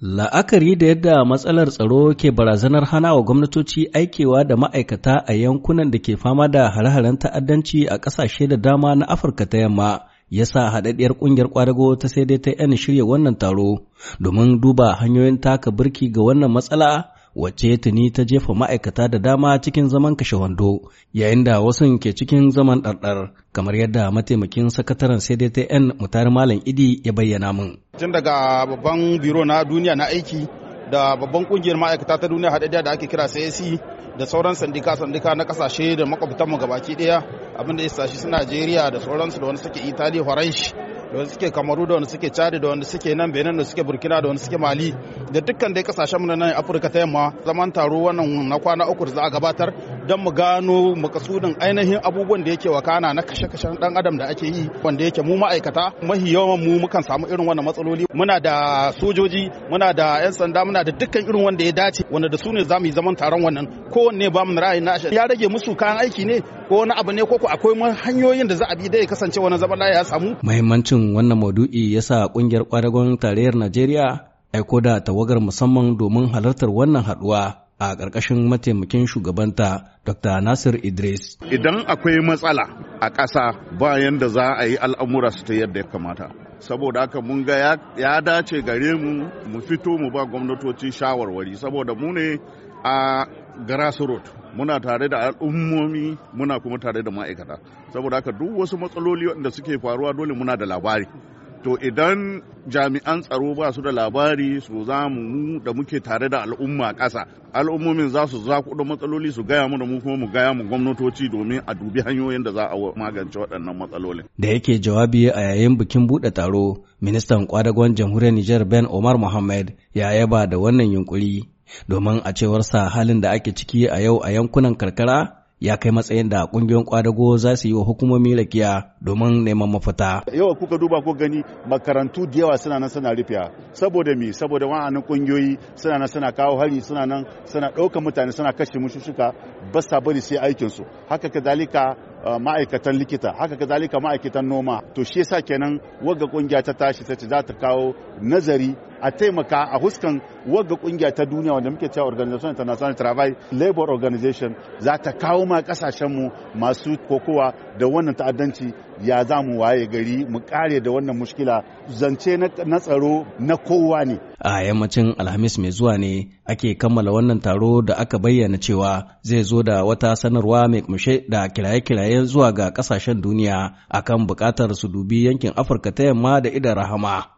La'akari da yadda matsalar tsaro ke barazanar hana wa gwamnatoci aikewa da ma'aikata a yankunan da ke fama da hare-haren ta'addanci a ƙasashe da dama na Afirka ta yamma ya sa haɗaɗɗiyar ƙungiyar ƙwadago ta sai dai ta 'yan shirya wannan taro domin duba hanyoyin taka birki ga wannan matsala wacce tuni ta jefa ma'aikata da dama cikin zaman kashe wando yayin da wasu ke cikin zaman ɗarɗar kamar yadda mataimakin sakataren cdtn mutar malam idi ya bayyana min tun daga babban biro na duniya na aiki da babban kungiyar ma'aikata ta duniya haɗaɗɗiya da ake kira csc da sauran sandika sandika na kasashe da makwabtanmu gabaki ɗaya abin da ya sashi su najeriya da sauransu da wani suke italiya faransh da wani suke kamaru da wani suke chad da wani suke nan benin da suke burkina da wani suke mali da dukkan dai kasashen na nan Afirka ta yamma zaman taro wannan na kwana uku da za a gabatar don mu gano makasudin ainihin abubuwan da yake wakana na kashe-kashen dan adam da ake yi wanda yake mu ma'aikata mahi yawan mu mukan samu irin wannan matsaloli muna da sojoji muna da yan sanda muna da dukkan irin wanda ya dace wanda da su ne za mu yi zaman taron wannan kowanne ba mu ra'ayi na ya rage musu kayan aiki ne ko wani abu ne ko akwai hanyoyin da za a bi da ya kasance wani zaman ya samu muhimmancin wannan maudu'i yasa kungiyar kwadagon tarayyar Najeriya aiko da tawagar musamman domin halartar wannan haduwa a ƙarƙashin mataimakin shugabanta Dr. Nasir Idris. Idan akwai matsala a ƙasa bayan da za a yi al'amura su ta yadda ya kamata. saboda haka mun ga ya dace gare mu mu fito mu ba gwamnatoci shawarwari saboda mu ne a grassroot muna tare da al'ummomi muna kuma tare da ma'aikata saboda haka duk wasu matsaloli waɗanda suke faruwa dole muna da labari to idan jami'an tsaro ba su da labari su za mu da muke tare da al'umma ƙasa al'ummomin za su za da matsaloli su gaya mu da mu kuma mu gaya mu gwamnatoci domin a dubi hanyoyin da za a magance waɗannan matsalolin. Da yake jawabi a yayin bikin buɗe taro, ministan kwadagon jamhuriyar Nijar Ben Omar Mohammed ya yaba da wannan yunkuri domin a cewarsa halin da ake ciki a yau a yankunan karkara ya kai matsayin da kungiyoyin kwadago za su yi wa hukumomi rakiya domin neman mafita. Yawa kuka duba ko gani makarantu da yawa suna nan suna rufiya saboda me saboda wa'annan kungiyoyi suna nan suna kawo hari suna nan suna ɗaukar mutane suna kashe mushushuka ba sa bari sai aikin su haka kadalika uh, ma'aikatan likita haka kadalika ma'aikatan noma to shi yasa kenan wanga kungiya ta tashi ta ce za ta kawo nazari a taimaka a huskan wagga kungiya ta duniya wanda muke cewa organization international travail labor organization za ta kawo ma kasashen mu masu kokowa da wannan ta'addanci ya za mu waye gari mu kare da wannan mushkila zance na tsaro na kowa ne a yammacin alhamis mai zuwa ne ake kammala wannan taro da aka bayyana cewa zai zo da wata sanarwa mai kumshe da kiraye-kiraye zuwa ga kasashen duniya akan bukatar su dubi yankin afirka ta yamma da idan rahama